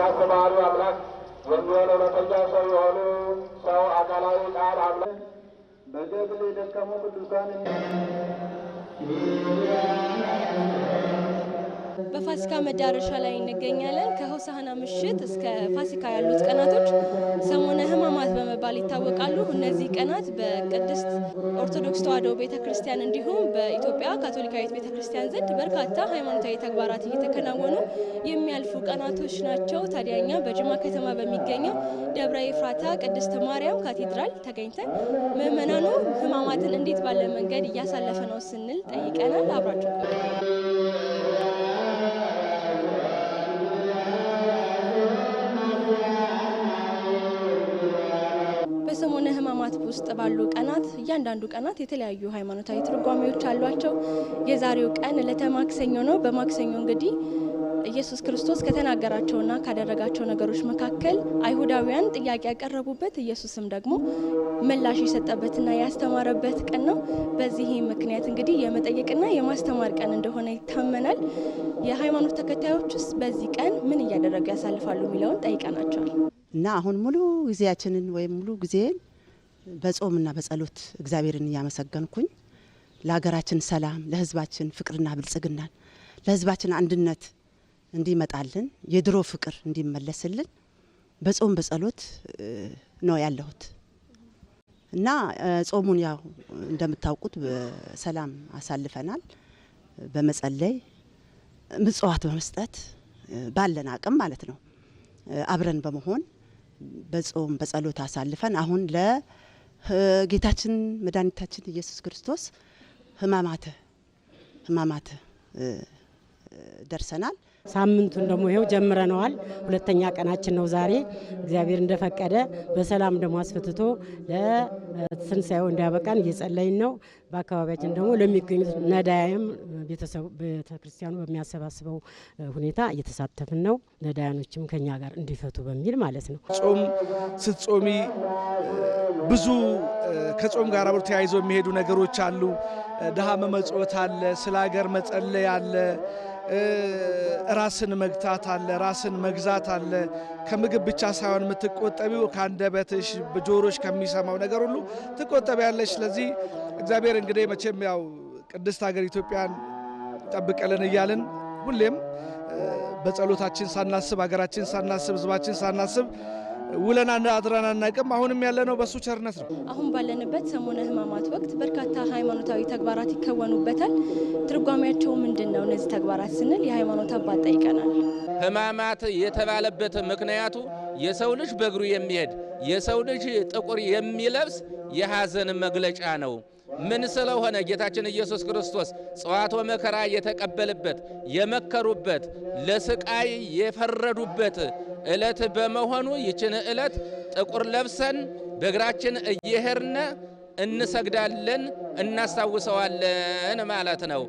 ያስተማሩ አምላክ የሚሆን እውነተኛ ሰው የሆኑ ሰው አካላዊ ቃል አምላክ በገብል የደከሙ ቅዱሳን በፋሲካ መዳረሻ ላይ እንገኛለን። ከሆሳህና ምሽት እስከ ፋሲካ ያሉት ቀናቶች ሰሞነ ህማ በመባል ይታወቃሉ። እነዚህ ቀናት በቅድስት ኦርቶዶክስ ተዋሕዶ ቤተ ክርስቲያን እንዲሁም በኢትዮጵያ ካቶሊካዊት ቤተ ክርስቲያን ዘንድ በርካታ ሃይማኖታዊ ተግባራት እየተከናወኑ የሚያልፉ ቀናቶች ናቸው። ታዲያኛ በጅማ ከተማ በሚገኘው ደብረ ኤፍራታ ቅድስት ማርያም ካቴድራል ተገኝተን ምዕመናኑ ሕማማትን እንዴት ባለ መንገድ እያሳለፈ ነው ስንል ጠይቀናል። አብራችሁ በሕማማት ውስጥ ባሉ ቀናት እያንዳንዱ ቀናት የተለያዩ ሃይማኖታዊ ትርጓሜዎች አሏቸው። የዛሬው ቀን ዕለተ ማክሰኞ ነው። በማክሰኞ እንግዲህ ኢየሱስ ክርስቶስ ከተናገራቸውና ካደረጋቸው ነገሮች መካከል አይሁዳውያን ጥያቄ ያቀረቡበት ኢየሱስም ደግሞ ምላሽ የሰጠበትና ያስተማረበት ቀን ነው። በዚህ ምክንያት እንግዲህ የመጠየቅና የማስተማር ቀን እንደሆነ ይታመናል። የሃይማኖት ተከታዮች በዚህ ቀን ምን እያደረጉ ያሳልፋሉ የሚለውን ጠይቀናቸዋል እና አሁን ሙሉ ጊዜያችንን ወይም ሙሉ ጊዜን በጾምና በጸሎት እግዚአብሔርን እያመሰገንኩኝ ለሀገራችን ሰላም፣ ለህዝባችን ፍቅርና ብልጽግናን፣ ለህዝባችን አንድነት እንዲመጣልን፣ የድሮ ፍቅር እንዲመለስልን በጾም በጸሎት ነው ያለሁት እና ጾሙን ያው እንደምታውቁት በሰላም አሳልፈናል። በመጸለይ ምጽዋት በመስጠት ባለን አቅም ማለት ነው አብረን በመሆን በጾም በጸሎት አሳልፈን አሁን ለ ጌታችን መድኃኒታችን ኢየሱስ ክርስቶስ ሕማማተ ሕማማተ ደርሰናል። ሳምንቱን ደግሞ ይኸው ጀምረነዋል። ሁለተኛ ቀናችን ነው ዛሬ። እግዚአብሔር እንደፈቀደ በሰላም ደግሞ አስፈትቶ ለትንሳኤው እንዲያበቃን እየጸለይን ነው። በአካባቢያችን ደግሞ ለሚገኙት ነዳያም ቤተክርስቲያኑ በሚያሰባስበው ሁኔታ እየተሳተፍን ነው። ነዳያኖችም ከኛ ጋር እንዲፈቱ በሚል ማለት ነው። ጾም ስትጾሚ ብዙ ከጾም ጋር አብሮ ተያይዘው የሚሄዱ ነገሮች አሉ። ድሃ መመጽወት አለ፣ ስለ ሀገር መጸለይ አለ፣ ራስን መግታት አለ፣ ራስን መግዛት አለ። ከምግብ ብቻ ሳይሆን የምትቆጠቢው ከአንደበትሽ በጆሮሽ ከሚሰማው ነገር ሁሉ ትቆጠቢያለሽ። ስለዚህ እግዚአብሔር እንግዲህ መቼም ያው ቅድስት ሀገር ኢትዮጵያን ጠብቀልን እያልን ሁሌም በጸሎታችን ሳናስብ ሀገራችን ሳናስብ ህዝባችን ሳናስብ ውለና አድረን አናቅም። አሁንም ያለነው በሱ ቸርነት ነው። አሁን ባለንበት ሰሞነ ህማማት ወቅት በርካታ ሃይማኖታዊ ተግባራት ይከወኑበታል። ትርጓሜያቸው ምንድን ነው? እነዚህ ተግባራት ስንል የሃይማኖት አባት ጠይቀናል። ህማማት የተባለበት ምክንያቱ የሰው ልጅ በእግሩ የሚሄድ የሰው ልጅ ጥቁር የሚለብስ የሀዘን መግለጫ ነው። ምን ስለሆነ ጌታችን ኢየሱስ ክርስቶስ ጽዋቶ መከራ የተቀበለበት የመከሩበት ለስቃይ የፈረዱበት ዕለት በመሆኑ ይችን ዕለት ጥቁር ለብሰን በእግራችን እየሄድን እንሰግዳለን፣ እናስታውሰዋለን ማለት ነው።